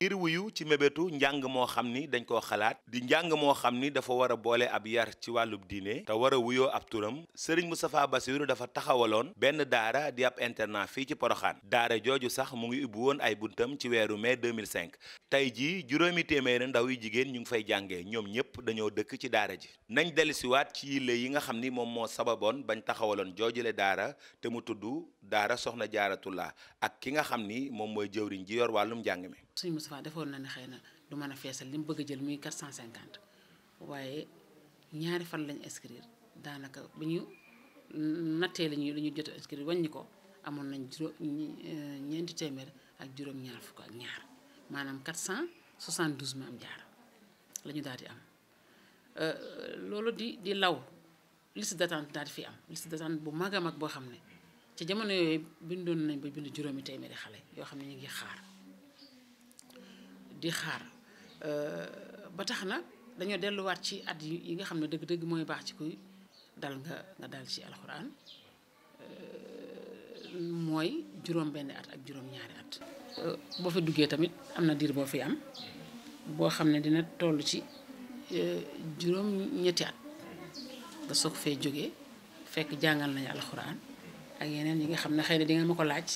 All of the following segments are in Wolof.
irwiyu ci mébétu njàng moo xam ni dañ koo xalaat di njàng moo xam ni dafa war a boole ab yar ci wàllub diine te war a wuyoo ab turam sëriñ Moustapha Bassirou dafa taxawaloon benn daara di ab internat fii ci Poroxaan daara jooju sax mu ngi ubbi woon ay buntam ci weeru mai 2005 tey jii juróomi téeméeri ndaw yi jigéen ñu ngi fay jàngee ñoom ñëpp dañoo dëkk ci daara ji nañ dellusiwaat ci yille yi nga xam ni moom moo sababoon bañ taxawaloon joojule daara te mu tudd daara soxna jaaratullaa ak ki nga xam ni moom mooy jëwriñ ji yor wàllum njàng mi Moustapha defoon na ne xëy na du mën a feesal li mu bëgg jël muy 450 waaye ñaari fan lañ inscrire daanaka bi ñu nattee la ñuy lu ñu jot a wañ wàññi ko amoon nañ juróom ñeenti téeméer ak juróom-ñaar fukk ak ñaar maanaam 472 ma am jaar la ñu daal di am euh, loolu di di law liste d'attente daal di fi am liste d'attente bu mag a mag boo xam ne ci jamono yooyu bindoon nañ ba bind juróomi téeméeri xale yoo xam ne ñu ngi xaar. di xaar euh, ba tax na dañoo delluwaat ci at yi nga xam ne dëgg-dëgg mooy baax ci kuy dal nga nga dal ci alxuraan euh, mooy juróom benn at ak juróom ñaari at. Euh, boo fi duggee tamit am na diir boo fi am boo xam ne dina toll ci juróom ñetti at nga soog fee jóge fekk jàngal nañu alxuraan ak yeneen yi nga xam ne xëy na di ma ko laaj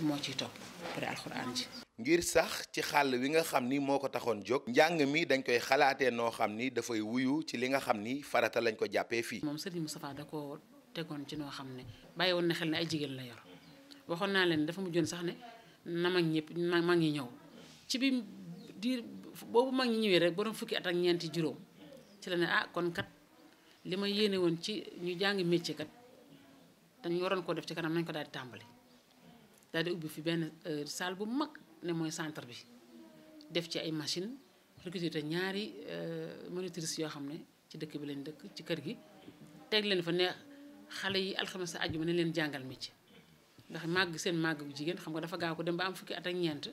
moo ciy topp après alxuraan ji. ngir sax ci xàll wi nga xam ni moo ko taxoon jog njàng mii dañ koy xalaatee noo xam ni dafay wuyu ci li nga xam ni farata lañ ko jàppee fii. moom mu Moustapha da ko tegoon ci noo xam ne bàyyi na xel ne ay jigéen la yor waxoon naa leen dafa mujjoon sax ne na mag ñëpp mag ñi ñëw ci bi diir boobu mag ñëwee rek borom fukki at ak ñeenti juróom ci la ne ah kon kat li ma yéene woon ci ñu jàngi métier kat dañu waroon koo def ci kanam nañ ko daal di tàmbali daal di ubbi fi benn euh, salle bu mag. ne mooy centre bi def ci ay machine recruter ñaari euh, monitrices yoo xam ne ci dëkk bi leen dëkk ci kër gi teg leen fa ne xale yi alxames sa àjjuma ne leen mi ci ndax màgg seen màgg bu jigéen xam nga dafa gaaw ko dem ba am fukki at ñeent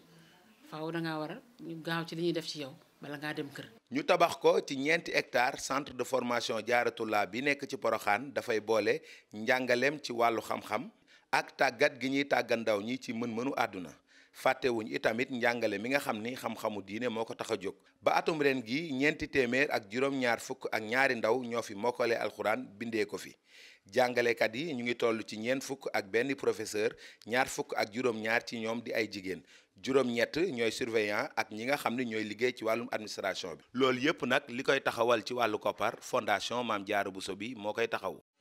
faaw da ngaa war ñu gaaw ci li ñuy def ci yow bala ngaa dem kër. ñu tabax ko ci ñeenti hectare centre de formation Jaaratullah bi nekk ci Poroxaan dafay boole njàngaleem ci wàllu xam-xam ak tàggat gi ñuy tàggat ñi ci mën-mënu àdduna. fàttewuñ itamit njàngale mi nga xam ni xam-xamu diine moo ko tax a jóg ba atum ren gi ñeenti téeméer ak juróom-ñaar fukk ak ñaari ndaw ñoo fi mokkale alxuraan bindee ko fi jàngalekat yi ñu ngi toll ci ñeent fukk ak benn professeur ñaar fukk ak juróom-ñaar ci ñoom di ay jigéen juróom-ñett ñooy surveillant ak ñi nga xam ne ñooy liggéey ci wàllum administration bi loolu yëpp nag li koy taxawal ci wàllu koppar fondation Maam Jaara Buso bi moo koy taxaw